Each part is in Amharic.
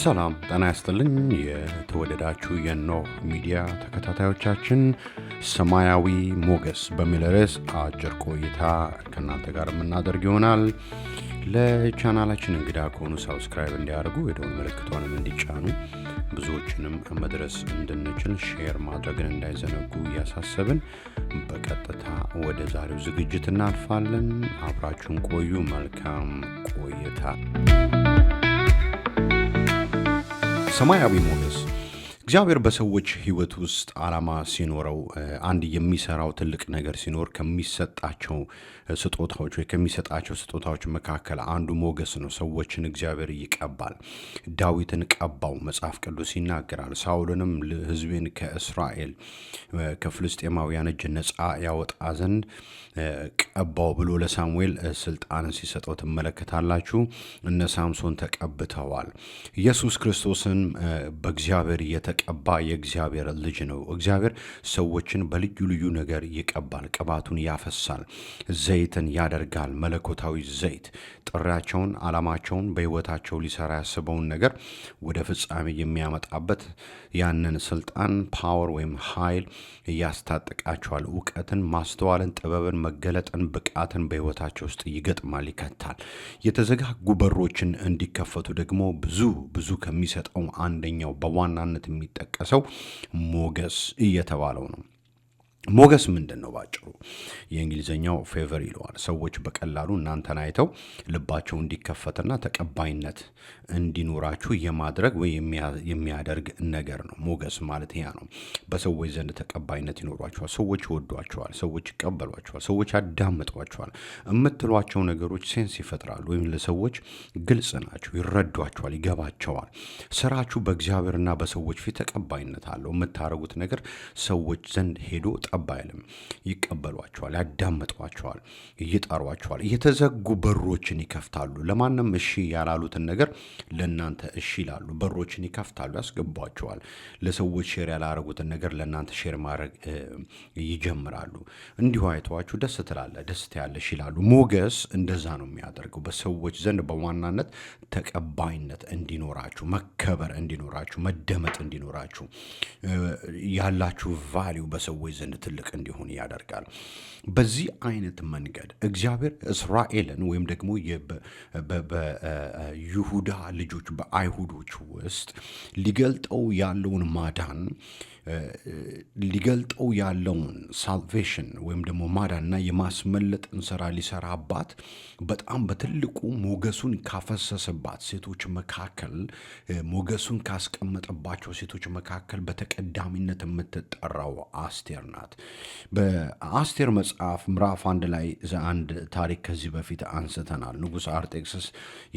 ሰላም ጠና ያስጥልኝ። የተወደዳችሁ የኖህ ሚዲያ ተከታታዮቻችን ሰማያዊ ሞገስ በሚል ርዕስ አጭር ቆይታ ከእናንተ ጋር የምናደርግ ይሆናል። ለቻናላችን እንግዳ ከሆኑ ሳብስክራይብ እንዲያደርጉ የደወል ምልክቷንም እንዲጫኑ ብዙዎችንም መድረስ እንድንችል ሼር ማድረግን እንዳይዘነጉ እያሳሰብን በቀጥታ ወደ ዛሬው ዝግጅት እናልፋለን። አብራችሁን ቆዩ። መልካም ቆይታ Somewhere we want this. እግዚአብሔር በሰዎች ህይወት ውስጥ ዓላማ ሲኖረው አንድ የሚሰራው ትልቅ ነገር ሲኖር ከሚሰጣቸው ስጦታዎች ወይ ከሚሰጣቸው ስጦታዎች መካከል አንዱ ሞገስ ነው። ሰዎችን እግዚአብሔር ይቀባል። ዳዊትን ቀባው፣ መጽሐፍ ቅዱስ ይናገራል። ሳውልንም ህዝቤን ከእስራኤል ከፍልስጤማውያን እጅ ነፃ ያወጣ ዘንድ ቀባው ብሎ ለሳሙኤል ስልጣንን ሲሰጠው ትመለከታላችሁ። እነ ሳምሶን ተቀብተዋል። ኢየሱስ ክርስቶስን በእግዚአብሔር የተ የተቀባ የእግዚአብሔር ልጅ ነው። እግዚአብሔር ሰዎችን በልዩ ልዩ ነገር ይቀባል፣ ቅባቱን ያፈሳል፣ ዘይትን ያደርጋል። መለኮታዊ ዘይት ጥሪያቸውን፣ ዓላማቸውን፣ በሕይወታቸው ሊሰራ ያስበውን ነገር ወደ ፍጻሜ የሚያመጣበት ያንን ስልጣን ፓወር ወይም ኃይል እያስታጥቃቸዋል። እውቀትን፣ ማስተዋልን፣ ጥበብን፣ መገለጥን፣ ብቃትን በሕይወታቸው ውስጥ ይገጥማል፣ ይከታል። የተዘጋጉ በሮችን እንዲከፈቱ ደግሞ ብዙ ብዙ ከሚሰጠው አንደኛው በዋናነት የሚጠቀሰው ሞገስ እየተባለው ነው። ሞገስ ምንድን ነው? ባጭሩ የእንግሊዝኛው ፌቨር ይለዋል። ሰዎች በቀላሉ እናንተን አይተው ልባቸው እንዲከፈትና ተቀባይነት እንዲኖራችሁ የማድረግ ወይ የሚያደርግ ነገር ነው። ሞገስ ማለት ያ ነው። በሰዎች ዘንድ ተቀባይነት ይኖሯችኋል። ሰዎች ይወዷችኋል። ሰዎች ይቀበሏችኋል። ሰዎች ያዳምጧችኋል። የምትሏቸው ነገሮች ሴንስ ይፈጥራሉ፣ ወይም ለሰዎች ግልጽ ናቸው። ይረዷችኋል፣ ይገባቸዋል። ስራችሁ በእግዚአብሔርና በሰዎች ፊት ተቀባይነት አለው። የምታደርጉት ነገር ሰዎች ዘንድ ሄዶ ጠባ አይልም። ይቀበሏቸዋል፣ ያዳምጧቸዋል፣ እየጠሯቸዋል። እየተዘጉ በሮችን ይከፍታሉ። ለማንም እሺ ያላሉትን ነገር ለእናንተ እሺ ይላሉ። በሮችን ይከፍታሉ፣ ያስገቧቸዋል። ለሰዎች ሼር ያላረጉትን ነገር ለእናንተ ሼር ማድረግ ይጀምራሉ። እንዲሁ አይተዋችሁ ደስ ትላለ፣ ደስ ትያለሽ ይላሉ። ሞገስ እንደዛ ነው የሚያደርገው። በሰዎች ዘንድ በዋናነት ተቀባይነት እንዲኖራችሁ፣ መከበር እንዲኖራችሁ፣ መደመጥ እንዲኖራችሁ ያላችሁ ቫሊው በሰዎች ዘንድ ትልቅ እንዲሆን ያደርጋል። በዚህ አይነት መንገድ እግዚአብሔር እስራኤልን ወይም ደግሞ በይሁዳ ልጆች በአይሁዶች ውስጥ ሊገልጠው ያለውን ማዳን ሊገልጠው ያለውን ሳልቬሽን ወይም ደግሞ ማዳንና የማስመለጥን ስራ ሊሰራባት በጣም በትልቁ ሞገሱን ካፈሰሰባት ሴቶች መካከል ሞገሱን ካስቀመጠባቸው ሴቶች መካከል በተቀዳሚነት የምትጠራው አስቴር ናት። በአስቴር መጽሐፍ ምዕራፍ አንድ ላይ አንድ ታሪክ ከዚህ በፊት አንስተናል። ንጉሥ አርጤክስስ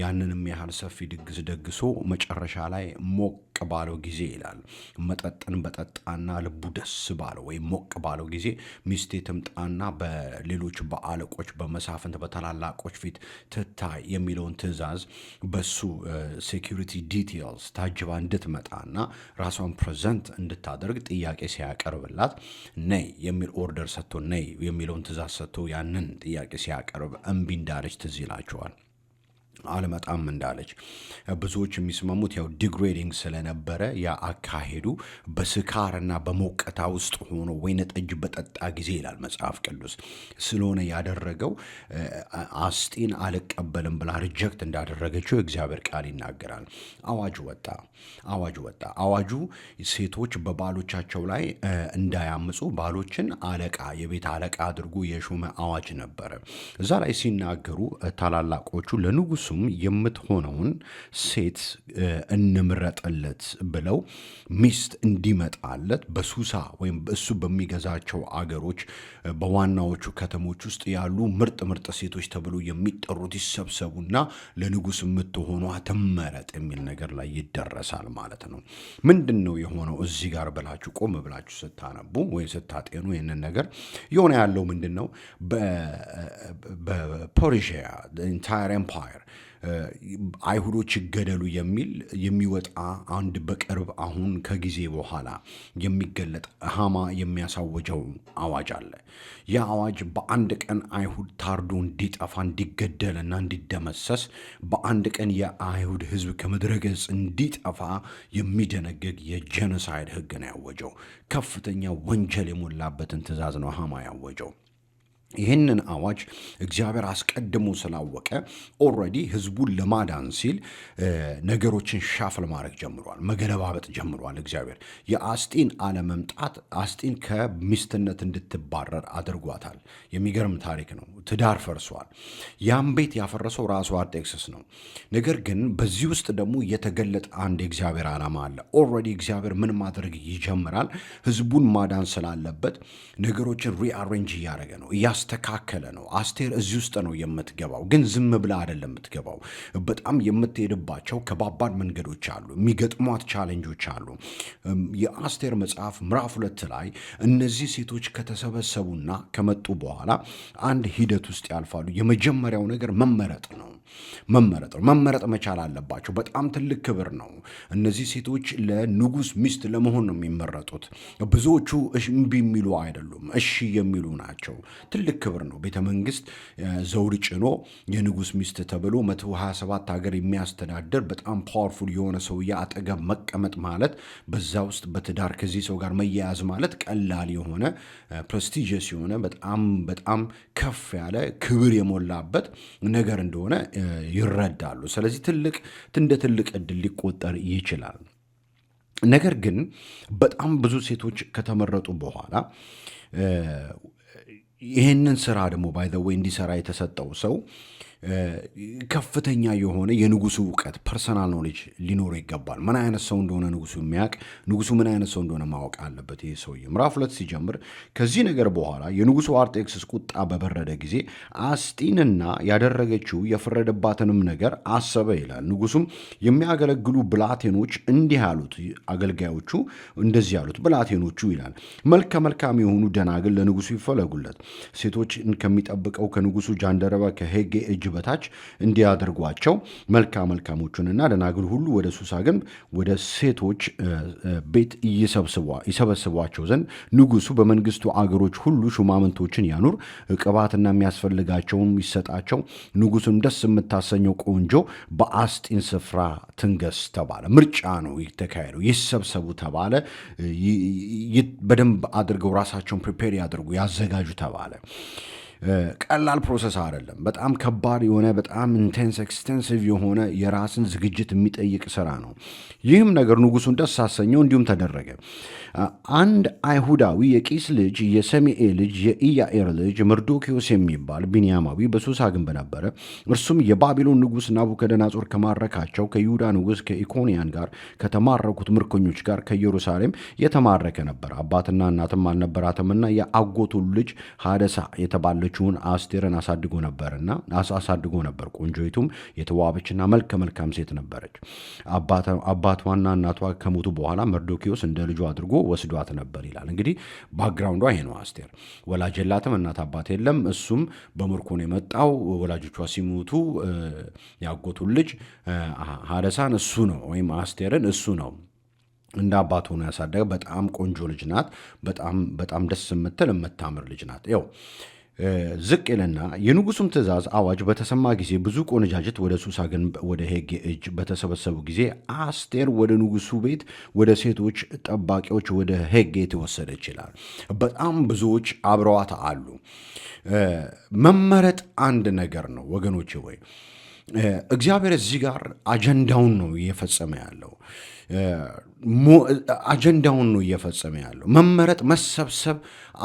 ያንንም ያህል ሰፊ ድግስ ደግሶ መጨረሻ ላይ ሞቅ ባለው ጊዜ ይላል መጠጥን በጠጣና ልቡ ደስ ባለው ወይም ሞቅ ባለው ጊዜ ሚስቴ ትምጣና በሌሎች በአለቆች በመሳፍንት በታላላቆች ፊት ትታይ የሚለውን ትዕዛዝ በሱ ሴኪሪቲ ዲቴልስ ታጅባ እንድትመጣና ራሷን ፕሬዘንት እንድታደርግ ጥያቄ ሲያቀርብላት ነይ ነይ የሚል ኦርደር ሰጥቶ ነይ የሚለውን ትእዛዝ ሰጥቶ ያንን ጥያቄ ሲያቀርብ እምቢ እንዳለች ትዝ ይላቸዋል። አልመጣም እንዳለች ብዙዎች የሚስማሙት ያው ዲግሬዲንግ ስለነበረ ያ አካሄዱ በስካርና በሞቀታ ውስጥ ሆኖ ወይነ ጠጅ በጠጣ ጊዜ ይላል መጽሐፍ ቅዱስ ስለሆነ ያደረገው አስጢን አልቀበልም ብላ ሪጀክት እንዳደረገችው እግዚአብሔር ቃል ይናገራል። አዋጅ ወጣ፣ አዋጅ ወጣ። አዋጁ ሴቶች በባሎቻቸው ላይ እንዳያምፁ ባሎችን አለቃ የቤት አለቃ አድርጎ የሾመ አዋጅ ነበረ። እዛ ላይ ሲናገሩ ታላላቆቹ ለንጉሱ እነሱም የምትሆነውን ሴት እንምረጥለት ብለው ሚስት እንዲመጣለት በሱሳ ወይም እሱ በሚገዛቸው አገሮች በዋናዎቹ ከተሞች ውስጥ ያሉ ምርጥ ምርጥ ሴቶች ተብሎ የሚጠሩት ይሰብሰቡና ለንጉስ የምትሆኗ ትመረጥ የሚል ነገር ላይ ይደረሳል ማለት ነው። ምንድን ነው የሆነው እዚህ ጋር ብላችሁ ቆም ብላችሁ ስታነቡ ወይም ስታጤኑ ይህንን ነገር የሆነ ያለው ምንድን ነው በፐርሺያ ኢንታየር ኤምፓየር አይሁዶች ይገደሉ የሚል የሚወጣ አንድ በቅርብ አሁን ከጊዜ በኋላ የሚገለጥ ሃማ የሚያሳወጀው አዋጅ አለ። ያ አዋጅ በአንድ ቀን አይሁድ ታርዶ እንዲጠፋ እንዲገደልና እንዲደመሰስ በአንድ ቀን የአይሁድ ሕዝብ ከምድረ ገጽ እንዲጠፋ የሚደነግግ የጀኖሳይድ ሕግ ነው ያወጀው። ከፍተኛ ወንጀል የሞላበትን ትእዛዝ ነው ሐማ ያወጀው። ይህንን አዋጅ እግዚአብሔር አስቀድሞ ስላወቀ ኦልሬዲ ህዝቡን ለማዳን ሲል ነገሮችን ሻፍ ለማድረግ ጀምሯል፣ መገለባበጥ ጀምሯል። እግዚአብሔር የአስጢን አለመምጣት አስጢን ከሚስትነት እንድትባረር አድርጓታል። የሚገርም ታሪክ ነው። ትዳር ፈርሷል። ያም ቤት ያፈረሰው ራሱ አርጤክስስ ነው። ነገር ግን በዚህ ውስጥ ደግሞ የተገለጠ አንድ የእግዚአብሔር ዓላማ አለ። ኦልሬዲ እግዚአብሔር ምን ማድረግ ይጀምራል? ህዝቡን ማዳን ስላለበት ነገሮችን ሪአሬንጅ እያደረገ ነው እያስተካከለ ነው። አስቴር እዚህ ውስጥ ነው የምትገባው፣ ግን ዝም ብላ አይደለም የምትገባው። በጣም የምትሄድባቸው ከባባድ መንገዶች አሉ፣ የሚገጥሟት ቻሌንጆች አሉ። የአስቴር መጽሐፍ ምዕራፍ ሁለት ላይ እነዚህ ሴቶች ከተሰበሰቡና ከመጡ በኋላ አንድ ሂደት ውስጥ ያልፋሉ። የመጀመሪያው ነገር መመረጥ ነው። መመረጥ ነው። መመረጥ መቻል አለባቸው። በጣም ትልቅ ክብር ነው። እነዚህ ሴቶች ለንጉስ ሚስት ለመሆን ነው የሚመረጡት። ብዙዎቹ እምቢ የሚሉ አይደሉም፣ እሺ የሚሉ ናቸው። ትልቅ ክብር ነው። ቤተ መንግስት ዘውድ ጭኖ የንጉስ ሚስት ተብሎ 127 ሀገር የሚያስተዳድር በጣም ፓወርፉል የሆነ ሰውዬ አጠገብ መቀመጥ ማለት በዛ ውስጥ በትዳር ከዚህ ሰው ጋር መያያዝ ማለት ቀላል የሆነ ፕሬስቲጂየስ የሆነ በጣም በጣም ከፍ ያለ ክብር የሞላበት ነገር እንደሆነ ይረዳሉ። ስለዚህ ትልቅ እንደ ትልቅ እድል ሊቆጠር ይችላል። ነገር ግን በጣም ብዙ ሴቶች ከተመረጡ በኋላ ይህንን ስራ ደግሞ ባይ ዘ ወይ እንዲሰራ የተሰጠው ሰው ከፍተኛ የሆነ የንጉሱ እውቀት ፐርሰናል ኖሌጅ ሊኖረው ይገባል። ምን አይነት ሰው እንደሆነ ንጉሱ የሚያውቅ ንጉሱ ምን አይነት ሰው እንደሆነ ማወቅ አለበት። ይህ ሰውዬ ምዕራፍ ሁለት ሲጀምር ከዚህ ነገር በኋላ የንጉሱ አርጤክስስ ቁጣ በበረደ ጊዜ አስጢንና ያደረገችው የፈረደባትንም ነገር አሰበ ይላል። ንጉሱም የሚያገለግሉ ብላቴኖች እንዲህ አሉት፣ አገልጋዮቹ እንደዚህ አሉት ብላቴኖቹ ይላል መልከ መልካም የሆኑ ደናግል ለንጉሱ ይፈለጉለት ሴቶችን ከሚጠብቀው ከንጉሱ ጃንደረባ ከሄጌ እጅ ከእጅ በታች እንዲያደርጓቸው መልካ መልካሞቹንና ደናግል ሁሉ ወደ ሱሳ ግንብ ወደ ሴቶች ቤት ይሰበስቧቸው ዘንድ ንጉሱ በመንግስቱ አገሮች ሁሉ ሹማምንቶችን ያኑር፣ ቅባትና የሚያስፈልጋቸውም ይሰጣቸው። ንጉሱም ደስ የምታሰኘው ቆንጆ በአስጢን ስፍራ ትንገስ ተባለ። ምርጫ ነው የተካሄደው። ይሰብሰቡ ተባለ። በደንብ አድርገው ራሳቸውን ፕሪፔር ያደርጉ ያዘጋጁ ተባለ። ቀላል ፕሮሰስ አይደለም። በጣም ከባድ የሆነ በጣም ኢንቴንስ ኤክስቴንሲቭ የሆነ የራስን ዝግጅት የሚጠይቅ ስራ ነው። ይህም ነገር ንጉሱን ደስ ሳሰኘው እንዲሁም ተደረገ። አንድ አይሁዳዊ የቂስ ልጅ የሰሜኤ ልጅ የኢያኤር ልጅ መርዶኪዎስ የሚባል ቢንያማዊ በሱሳ ግንብ ነበረ። እርሱም የባቢሎን ንጉስ ናቡከደናጾር ከማረካቸው ከይሁዳ ንጉስ ከኢኮንያን ጋር ከተማረኩት ምርኮኞች ጋር ከኢየሩሳሌም የተማረከ ነበር። አባትና እናትም አልነበራትምና የአጎቱ ልጅ ሀደሳ የተባለች የሆነችውን አስቴርን አሳድጎ ነበርና አሳድጎ ነበር። ቆንጆይቱም የተዋበችና መልከ መልካም ሴት ነበረች። አባቷና እናቷ ከሞቱ በኋላ መርዶኪዎስ እንደ ልጁ አድርጎ ወስዷት ነበር ይላል። እንግዲህ ባክግራውንዷ ይሄ ነው። አስቴር ወላጅ የላትም፣ እናት አባት የለም። እሱም በምርኮ ነው የመጣው። ወላጆቿ ሲሞቱ ያጎቱን ልጅ ሀደሳን እሱ ነው ወይም አስቴርን እሱ ነው እንደ አባት ሆኖ ያሳደገ። በጣም ቆንጆ ልጅ ናት። በጣም በጣም ደስ የምትል የምታምር ልጅ ናት። ዝቅ ይልና የንጉሱም ትእዛዝ አዋጅ በተሰማ ጊዜ ብዙ ቆነጃጅት ወደ ሱሳ ግንብ ወደ ሄጌ እጅ በተሰበሰቡ ጊዜ አስቴር ወደ ንጉሱ ቤት ወደ ሴቶች ጠባቂዎች ወደ ሄጌ ተወሰደች ይችላል በጣም ብዙዎች አብረዋት አሉ። መመረጥ አንድ ነገር ነው ወገኖች ወይ እግዚአብሔር እዚህ ጋር አጀንዳውን ነው እየፈጸመ ያለው። አጀንዳውን ነው እየፈጸመ ያለው። መመረጥ፣ መሰብሰብ፣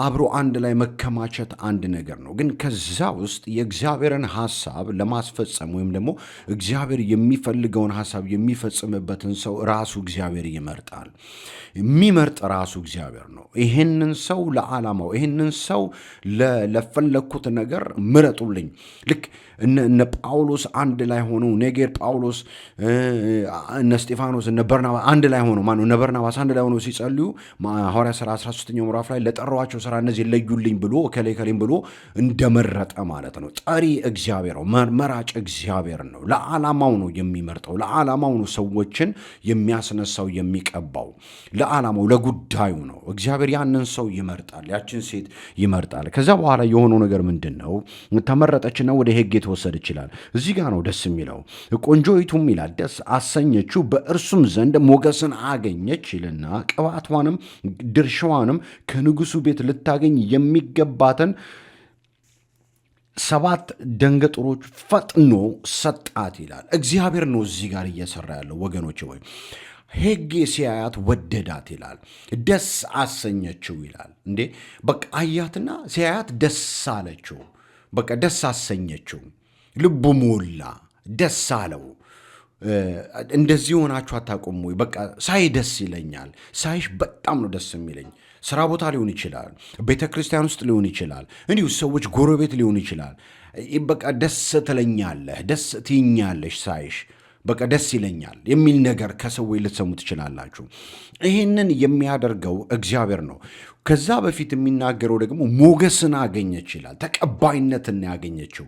አብሮ አንድ ላይ መከማቸት አንድ ነገር ነው። ግን ከዛ ውስጥ የእግዚአብሔርን ሀሳብ ለማስፈጸም ወይም ደግሞ እግዚአብሔር የሚፈልገውን ሀሳብ የሚፈጽምበትን ሰው ራሱ እግዚአብሔር ይመርጣል። የሚመርጥ ራሱ እግዚአብሔር ነው። ይህንን ሰው ለዓላማው፣ ይህንን ሰው ለፈለግኩት ነገር ምረጡልኝ። ልክ እነ ጳውሎስ አንድ ላይ ሆነው ኔጌር ጳውሎስ፣ እነ ስጢፋኖስ፣ እነ በርናባ አንድ ላይ ሆነው ማነው ነበርና በርናባስ አንድ ላይ ሆኖ ሲጸልዩ ሐዋርያ ሥራ 13ኛው ምዕራፍ ላይ ለጠሯቸው ሥራ እነዚህ ለዩልኝ ብሎ እከሌ እከሌም ብሎ እንደመረጠ ማለት ነው። ጠሪ እግዚአብሔር ነው፣ መራጭ እግዚአብሔር ነው። ለዓላማው ነው የሚመርጠው፣ ለዓላማው ነው ሰዎችን የሚያስነሳው የሚቀባው፣ ለዓላማው ለጉዳዩ ነው። እግዚአብሔር ያንን ሰው ይመርጣል፣ ያችን ሴት ይመርጣል። ከዚያ በኋላ የሆነው ነገር ምንድን ነው? ተመረጠችና ወደ ሄግ የተወሰድ ይችላል። እዚህ ጋር ነው ደስ የሚለው። ቆንጆይቱም ይላል ደስ አሰኘችው፣ በእርሱም ዘንድ ሞገስን አገኘች ይልና ቅባቷንም ድርሻዋንም ከንጉሱ ቤት ልታገኝ የሚገባትን ሰባት ደንገጥሮች ፈጥኖ ሰጣት ይላል። እግዚአብሔር ነው እዚህ ጋር እየሰራ ያለው ወገኖች ወይ ሄጌ ሲያያት ወደዳት ይላል። ደስ አሰኘችው ይላል። እንዴ በቃ አያትና ሲያያት ደስ አለችው። በቃ ደስ አሰኘችው። ልቡ ሞላ፣ ደስ አለው። እንደዚህ ሆናችሁ አታቁም ወይ? በቃ ሳይ ደስ ይለኛል። ሳይሽ በጣም ነው ደስ የሚለኝ። ስራ ቦታ ሊሆን ይችላል፣ ቤተ ክርስቲያን ውስጥ ሊሆን ይችላል፣ እንዲሁ ሰዎች ጎረቤት ሊሆን ይችላል። በቃ ደስ ትለኛለህ፣ ደስ ትይኛለሽ፣ ሳይሽ በቃ ደስ ይለኛል የሚል ነገር ከሰዎች ልትሰሙ ትችላላችሁ። ይህንን የሚያደርገው እግዚአብሔር ነው። ከዛ በፊት የሚናገረው ደግሞ ሞገስን አገኘች ይላል። ተቀባይነትን ያገኘችው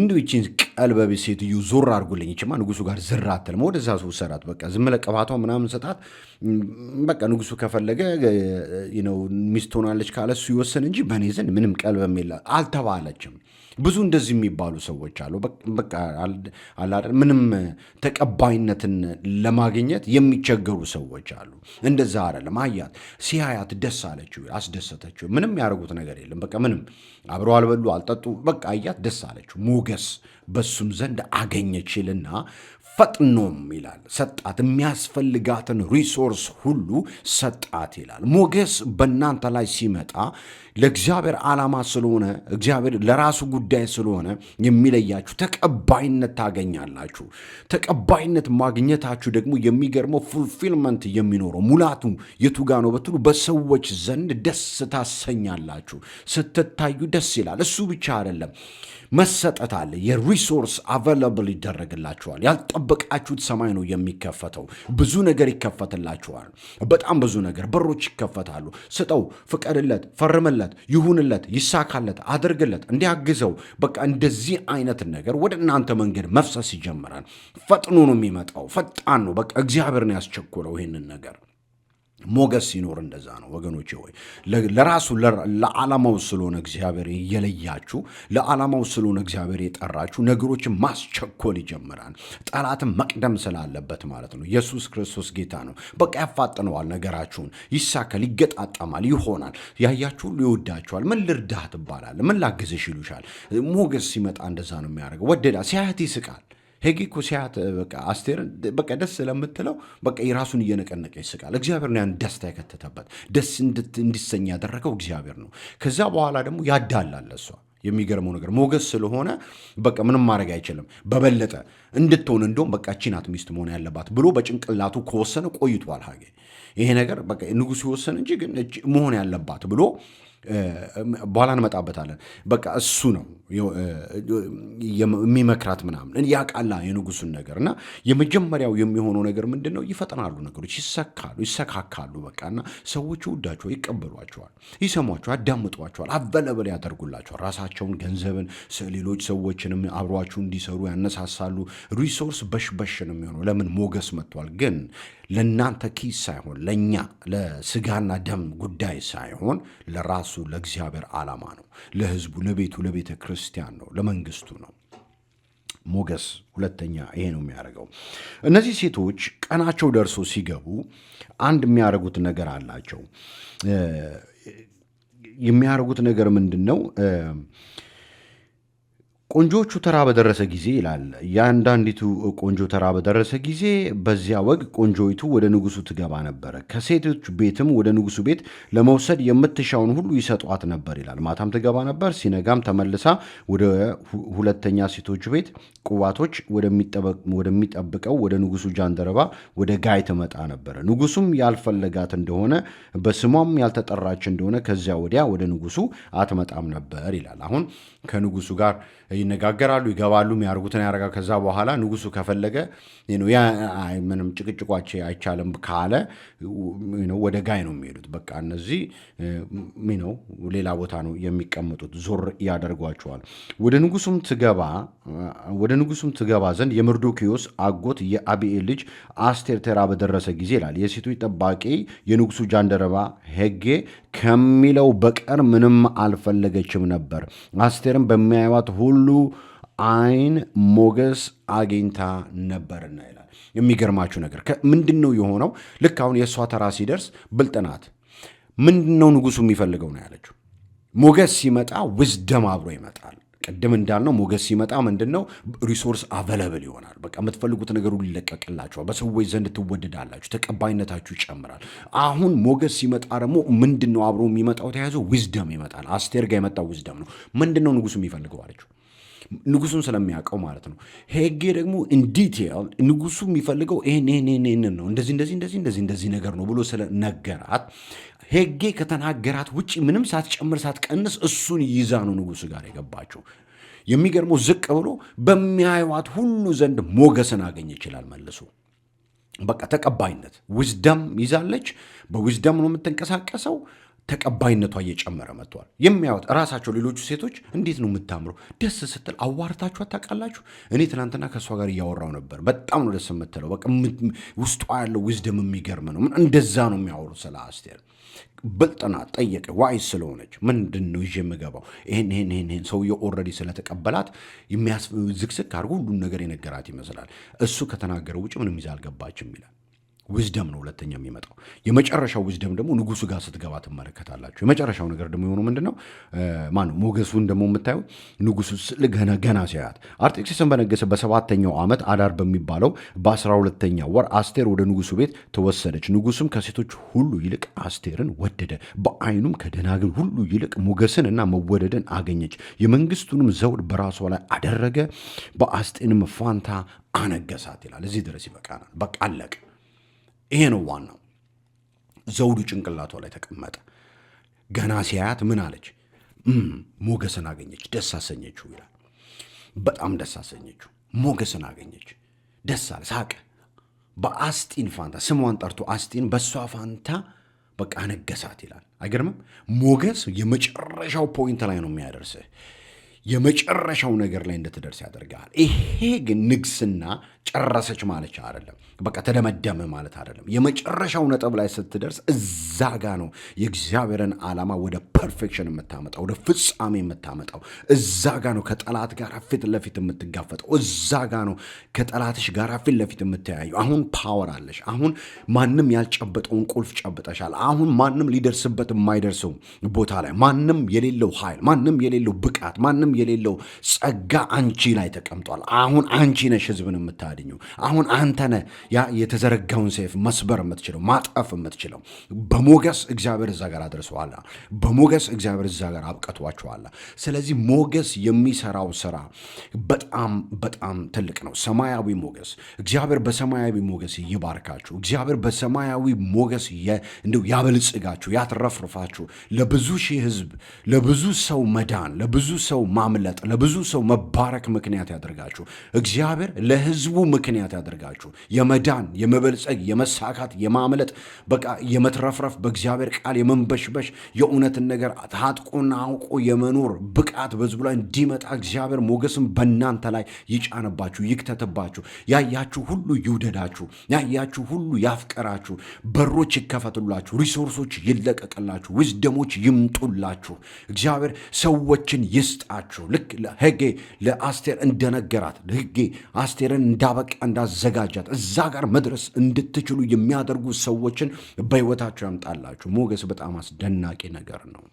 እንዲሁ ይቺን ቀልበብ ሴትዮ ዞር አድርጎልኝ፣ ይችማ ንጉሱ ጋር ዝር አትልም። ወደዛ ሰው ሰራት በቃ ዝም ቅባቷ ምናምን ሰጣት። በቃ ንጉሱ ከፈለገ ሚስት ሆናለች ካለ እሱ ይወሰን እንጂ በእኔ ዘንድ ምንም ቀልበም የለ አልተባለችም። ብዙ እንደዚህ የሚባሉ ሰዎች አሉ። በቃ ምንም ተቀባይነትን ለማግኘት የሚቸገሩ ሰዎች አሉ። እንደዛ አይደለም። አያት ሲያያት ደስ አለችው አስደሰተችው። ምንም ያደርጉት ነገር የለም። በቃ ምንም አብረው አልበሉ አልጠጡ። በቃ አያት፣ ደስ አለችው። ሞገስ በሱም ዘንድ አገኘችልና ፈጥኖም ይላል ሰጣት፣ የሚያስፈልጋትን ሪሶርስ ሁሉ ሰጣት ይላል። ሞገስ በእናንተ ላይ ሲመጣ ለእግዚአብሔር ዓላማ ስለሆነ እግዚአብሔር ለራሱ ጉዳይ ስለሆነ የሚለያችሁ ተቀባይነት ታገኛላችሁ። ተቀባይነት ማግኘታችሁ ደግሞ የሚገርመው ፉልፊልመንት የሚኖረው ሙላቱ የቱጋ ነው በትሉ በሰዎች ዘንድ ደስ ታሰኛላችሁ። ስትታዩ ደስ ይላል። እሱ ብቻ አይደለም መሰጠት አለ። የሪሶርስ አቬለብል ይደረግላችኋል። ያልጠበቃችሁት ሰማይ ነው የሚከፈተው። ብዙ ነገር ይከፈትላችኋል። በጣም ብዙ ነገር በሮች ይከፈታሉ። ስጠው፣ ፍቀድለት፣ ፈርምለት አድርግለት፣ ይሁንለት፣ ይሳካለት፣ አድርግለት፣ እንዲያግዘው በቃ እንደዚህ አይነት ነገር ወደ እናንተ መንገድ መፍሰስ ይጀምራል። ፈጥኖ ነው የሚመጣው። ፈጣን ነው። በቃ እግዚአብሔር ነው ያስቸኮለው ይህንን ነገር ሞገስ ሲኖር እንደዛ ነው ወገኖች ሆይ ለራሱ ለዓላማው ስለሆነ እግዚአብሔር የለያችሁ፣ ለዓላማው ስለሆነ እግዚአብሔር የጠራችሁ ነገሮችን ማስቸኮል ይጀምራል። ጠላትን መቅደም ስላለበት ማለት ነው። ኢየሱስ ክርስቶስ ጌታ ነው። በቃ ያፋጥነዋል፣ ነገራችሁን ይሳካል፣ ይገጣጠማል፣ ይሆናል። ያያችሁ ሁሉ ይወዳችኋል። ምን ልርዳህ ትባላለህ፣ ምን ላግዝሽ ይሉሻል። ሞገስ ሲመጣ እንደዛ ነው የሚያደርገው። ወደዳ ሲያህት ይስቃል ሄጊ ሲያት በቃ አስቴርን በቃ ደስ ስለምትለው በቃ የራሱን እየነቀነቀ ይስቃል። እግዚአብሔር ያን ደስታ የከተተበት ደስ እንዲሰኝ ያደረገው እግዚአብሔር ነው። ከዛ በኋላ ደግሞ ያዳላል እሷ የሚገርመው ነገር ሞገስ ስለሆነ በቃ ምንም ማድረግ አይችልም። በበለጠ እንድትሆን እንደውም በቃ እቺ ናት ሚስት መሆን ያለባት ብሎ በጭንቅላቱ ከወሰነ ቆይቷል። ሀገ ይሄ ነገር በቃ ንጉሱ ይወሰን እንጂ ግን መሆን ያለባት ብሎ በኋላ እንመጣበታለን። በቃ እሱ ነው የሚመክራት ምናምን ያቃላ የንጉሱን ነገር እና የመጀመሪያው የሚሆነው ነገር ምንድን ነው? ይፈጥናሉ፣ ነገሮች ይሰካሉ፣ ይሰካካሉ። በቃ እና ሰዎቹ ውዳቸው ይቀበሏቸዋል፣ ይሰሟቸዋል፣ ያዳምጧቸዋል፣ አበለበል ያደርጉላቸዋል። ራሳቸውን፣ ገንዘብን፣ ሌሎች ሰዎችንም አብሯችሁ እንዲሰሩ ያነሳሳሉ። ሪሶርስ በሽበሽ ነው የሚሆነው። ለምን ሞገስ መጥቷል ግን ለእናንተ ኪስ ሳይሆን ለእኛ ለስጋና ደም ጉዳይ ሳይሆን ለራሱ ለእግዚአብሔር ዓላማ ነው። ለህዝቡ ለቤቱ፣ ለቤተ ክርስቲያን ነው፣ ለመንግስቱ ነው። ሞገስ ሁለተኛ ይሄ ነው የሚያደርገው። እነዚህ ሴቶች ቀናቸው ደርሶ ሲገቡ አንድ የሚያደርጉት ነገር አላቸው። የሚያደርጉት ነገር ምንድን ነው? ቆንጆቹ ተራ በደረሰ ጊዜ ይላል። የአንዳንዲቱ ቆንጆ ተራ በደረሰ ጊዜ በዚያ ወግ ቆንጆይቱ ወደ ንጉሱ ትገባ ነበረ። ከሴቶች ቤትም ወደ ንጉሱ ቤት ለመውሰድ የምትሻውን ሁሉ ይሰጧት ነበር ይላል። ማታም ትገባ ነበር። ሲነጋም ተመልሳ ወደ ሁለተኛ ሴቶች ቤት ቁባቶች ወደሚጠብቀው ወደ ንጉሱ ጃንደረባ ወደ ጋይ ትመጣ ነበረ። ንጉሱም ያልፈለጋት እንደሆነ በስሟም ያልተጠራች እንደሆነ ከዚያ ወዲያ ወደ ንጉሱ አትመጣም ነበር ይላል። አሁን ከንጉሱ ጋር ይነጋገራሉ፣ ይገባሉ፣ የሚያደርጉትን ያደርጋል። ከዛ በኋላ ንጉሱ ከፈለገ ምንም ጭቅጭቋቸው አይቻልም ካለ ወደ ጋይ ነው የሚሄዱት። በቃ እነዚህ ነው ሌላ ቦታ ነው የሚቀመጡት፣ ዞር ያደርጓቸዋል። ወደ ንጉሱም ትገባ ወደ ንጉሱም ትገባ ዘንድ የመርዶኪዎስ አጎት የአቢኤል ልጅ አስቴር ተራ በደረሰ ጊዜ ይላል የሴቶች ጠባቂ የንጉሱ ጃንደረባ ሄጌ ከሚለው በቀር ምንም አልፈለገችም ነበር። አስቴርም በሚያዩዋት ሁሉ አይን ሞገስ አግኝታ ነበርና ይላል። የሚገርማችሁ ነገር ምንድን ነው የሆነው? ልክ አሁን የእሷ ተራ ሲደርስ ብልጥናት ምንድን ነው ንጉሱ የሚፈልገው ነው ያለችው። ሞገስ ሲመጣ ውዝደም አብሮ ይመጣል። ቅድም እንዳልነው ሞገስ ሲመጣ ምንድን ነው ሪሶርስ አቬለብል ይሆናል። በቃ የምትፈልጉት ነገር ሁሉ ይለቀቅላችኋል። በሰዎች ዘንድ ትወደዳላችሁ፣ ተቀባይነታችሁ ይጨምራል። አሁን ሞገስ ሲመጣ ደግሞ ምንድን ነው አብሮ የሚመጣው? ተያይዞ ውዝደም ይመጣል። አስቴር ጋር የመጣው ውዝደም ነው። ምንድን ነው ንጉሱ የሚፈልገው አለችው ንጉሱን ስለሚያውቀው ማለት ነው። ሄጌ ደግሞ ኢንዲቴል ንጉሱ የሚፈልገው ይህን ነው እንደዚህ እንደዚህ እንደዚህ እንደዚህ እንደዚህ ነገር ነው ብሎ ስለነገራት ሄጌ ከተናገራት ውጭ ምንም ሳትጨምር ሳትቀንስ እሱን ይዛ ነው ንጉሱ ጋር የገባችው። የሚገርመው ዝቅ ብሎ በሚያዩዋት ሁሉ ዘንድ ሞገስን አገኝ ይችላል መልሶ በቃ ተቀባይነት ዊዝደም ይዛለች። በዊዝደም ነው የምትንቀሳቀሰው። ተቀባይነቷ እየጨመረ መጥቷል። የሚያወጥ እራሳቸው ሌሎቹ ሴቶች እንዴት ነው የምታምረው? ደስ ስትል አዋርታችሁ ታውቃላችሁ? እኔ ትናንትና ከእሷ ጋር እያወራው ነበር። በጣም ነው ደስ የምትለው። በቃ ውስጧ ያለው ውዝደም የሚገርም ነው። ምን እንደዛ ነው የሚያወሩ ስለ አስቴር ብልጥና ጠየቀ። ዋይስ ስለሆነች ምንድን ነው ይዤ የምገባው? ይህን ይህን ይህን ይህን ሰውዬው ኦልሬዲ ስለተቀበላት ዝግስግ አድርጎ ሁሉም ነገር የነገራት ይመስላል። እሱ ከተናገረው ውጭ ምንም ይዛ አልገባችም ይላል። ዊዝደም ነው ሁለተኛ የሚመጣው። የመጨረሻው ዊዝደም ደግሞ ንጉሱ ጋር ስትገባ ትመለከታላችሁ። የመጨረሻው ነገር ደግሞ የሆነው ምንድን ነው? ማነው ሞገሱን ደግሞ የምታየው ንጉሱ ገና ገና ሲያያት አርጤክስስን በነገሰ በሰባተኛው ዓመት አዳር በሚባለው በአስራ ሁለተኛ ወር አስቴር ወደ ንጉሱ ቤት ተወሰደች። ንጉሱም ከሴቶች ሁሉ ይልቅ አስቴርን ወደደ። በአይኑም ከደናግል ሁሉ ይልቅ ሞገስን እና መወደደን አገኘች። የመንግስቱንም ዘውድ በራሷ ላይ አደረገ፣ በአስጤንም ፋንታ አነገሳት ይላል። እዚህ ድረስ ይበቃናል። በቃ ይሄ ነው ዋናው። ዘውዱ ጭንቅላቷ ላይ ተቀመጠ። ገና ሲያያት ምን አለች? ሞገስን አገኘች፣ ደስ አሰኘችው ይላል። በጣም ደስ አሰኘችው፣ ሞገስን አገኘች፣ ደስ አለ፣ ሳቀ። በአስጢን ፋንታ ስሟን ጠርቶ አስጢን በእሷ ፋንታ በቃ ነገሳት ይላል። አይገርምም? ሞገስ የመጨረሻው ፖይንት ላይ ነው የሚያደርስህ የመጨረሻው ነገር ላይ እንደትደርስ ያደርግሃል። ይሄ ግን ንግስና ጨረሰች ማለች አይደለም። በቃ ተደመደመ ማለት አይደለም። የመጨረሻው ነጥብ ላይ ስትደርስ እዛ ጋ ነው የእግዚአብሔርን ዓላማ ወደ ፐርፌክሽን የምታመጣው፣ ወደ ፍጻሜ የምታመጣው። እዛ ጋ ነው ከጠላት ጋር ፊት ለፊት የምትጋፈጠው። እዛ ጋ ነው ከጠላትሽ ጋር ፊት ለፊት የምትያዩ። አሁን ፓወር አለሽ። አሁን ማንም ያልጨበጠውን ቁልፍ ጨብጠሻል። አሁን ማንም ሊደርስበት የማይደርሰው ቦታ ላይ ማንም የሌለው ኃይል፣ ማንም የሌለው ብቃት፣ ማንም የሌለው ጸጋ አንቺ ላይ ተቀምጧል። አሁን አንቺ ነሽ ህዝብን የምታ አድኘው። አሁን አንተነ ያ የተዘረጋውን ሰይፍ መስበር የምትችለው ማጠፍ የምትችለው በሞገስ እግዚአብሔር እዛ ጋር አድርሰዋል። በሞገስ እግዚአብሔር እዛ ጋር አብቀቷቸዋል። ስለዚህ ሞገስ የሚሰራው ስራ በጣም በጣም ትልቅ ነው። ሰማያዊ ሞገስ እግዚአብሔር በሰማያዊ ሞገስ ይባርካችሁ። እግዚአብሔር በሰማያዊ ሞገስ እንደው ያበልጽጋችሁ፣ ያትረፍርፋችሁ ለብዙ ሺህ ህዝብ ለብዙ ሰው መዳን ለብዙ ሰው ማምለጥ ለብዙ ሰው መባረክ ምክንያት ያደርጋችሁ እግዚአብሔር ለህዝቡ ምክንያት ያደርጋችሁ የመዳን የመበልጸግ የመሳካት የማምለጥ በቃ የመትረፍረፍ በእግዚአብሔር ቃል የመንበሽበሽ የእውነትን ነገር ታጥቆና አውቆ የመኖር ብቃት በህዝቡ ላይ እንዲመጣ እግዚአብሔር ሞገስም በእናንተ ላይ ይጫንባችሁ፣ ይክተትባችሁ። ያያችሁ ሁሉ ይውደዳችሁ፣ ያያችሁ ሁሉ ያፍቀራችሁ። በሮች ይከፈትላችሁ፣ ሪሶርሶች ይለቀቅላችሁ፣ ዊዝደሞች ይምጡላችሁ። እግዚአብሔር ሰዎችን ይስጣችሁ። ልክ ሄጌ ለአስቴር እንደነገራት ሄጌ አስቴርን እንዳ እንዳበቃ እንዳዘጋጃት እዛ ጋር መድረስ እንድትችሉ የሚያደርጉ ሰዎችን በህይወታቸው ያምጣላችሁ። ሞገስ በጣም አስደናቂ ነገር ነው።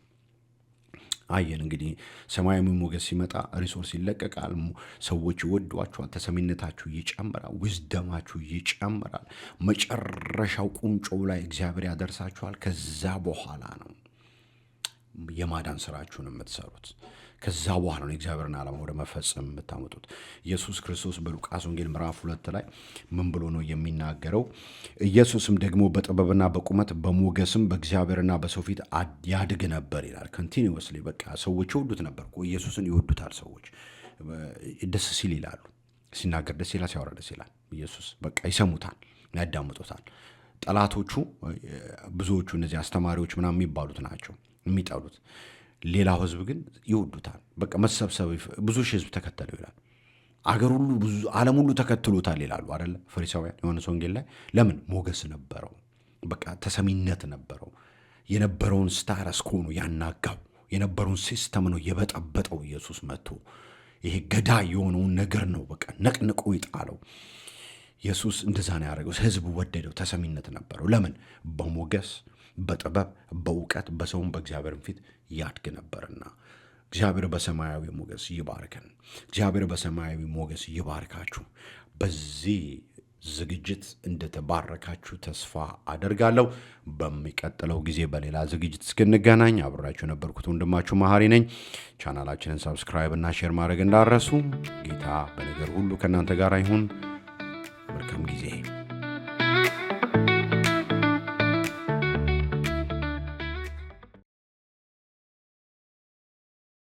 አየን እንግዲህ ሰማያዊ ሞገስ ሲመጣ ሪሶርስ ይለቀቃል። ሰዎች ይወዷቸዋል። ተሰሚነታችሁ ይጨምራል። ውዝደማችሁ ይጨምራል። መጨረሻው ቁንጮው ላይ እግዚአብሔር ያደርሳችኋል። ከዛ በኋላ ነው የማዳን ስራችሁን የምትሰሩት። ከዛ በኋላ ነው የእግዚአብሔርን ዓላማ ወደ መፈጸም የምታመጡት። ኢየሱስ ክርስቶስ በሉቃስ ወንጌል ምዕራፍ ሁለት ላይ ምን ብሎ ነው የሚናገረው? ኢየሱስም ደግሞ በጥበብና በቁመት በሞገስም በእግዚአብሔርና በሰው ፊት ያድግ ነበር ይላል። ኮንቲኒስ በቃ ሰዎች ይወዱት ነበር። ኢየሱስን ይወዱታል ሰዎች። ደስ ሲል ይላሉ። ሲናገር ደስ ይላል፣ ሲያወራ ደስ ይላል። ኢየሱስ በቃ ይሰሙታል፣ ያዳምጡታል። ጠላቶቹ ብዙዎቹ እነዚህ አስተማሪዎች ምናምን የሚባሉት ናቸው የሚጠሉት ሌላው ህዝብ ግን ይወዱታል። በቃ መሰብሰብ ብዙ ሺህ ህዝብ ተከተለው ይላል። አገር ሁሉ ብዙ ዓለም ሁሉ ተከትሎታል ይላሉ አደለ ፈሪሳውያን ዮሐንስ ወንጌል ላይ። ለምን ሞገስ ነበረው፣ በቃ ተሰሚነት ነበረው። የነበረውን ስታር እስኮ ያናጋው፣ የነበረውን ሲስተም ነው የበጠበጠው። ኢየሱስ መጥቶ ይሄ ገዳይ የሆነውን ነገር ነው በቃ ነቅንቆ ይጣለው። ኢየሱስ እንደዛ ነው ያደረገው። ህዝቡ ወደደው፣ ተሰሚነት ነበረው። ለምን በሞገስ በጥበብ በእውቀት በሰውን በእግዚአብሔርም ፊት ያድግ ነበርና እግዚአብሔር በሰማያዊ ሞገስ ይባርከን። እግዚአብሔር በሰማያዊ ሞገስ ይባርካችሁ። በዚህ ዝግጅት እንደተባረካችሁ ተስፋ አደርጋለሁ። በሚቀጥለው ጊዜ በሌላ ዝግጅት እስክንገናኝ አብራችሁ የነበርኩት ወንድማችሁ መሐሪ ነኝ። ቻናላችንን ሰብስክራይብ እና ሼር ማድረግ እንዳረሱ። ጌታ በነገር ሁሉ ከእናንተ ጋር ይሁን። መልካም ጊዜ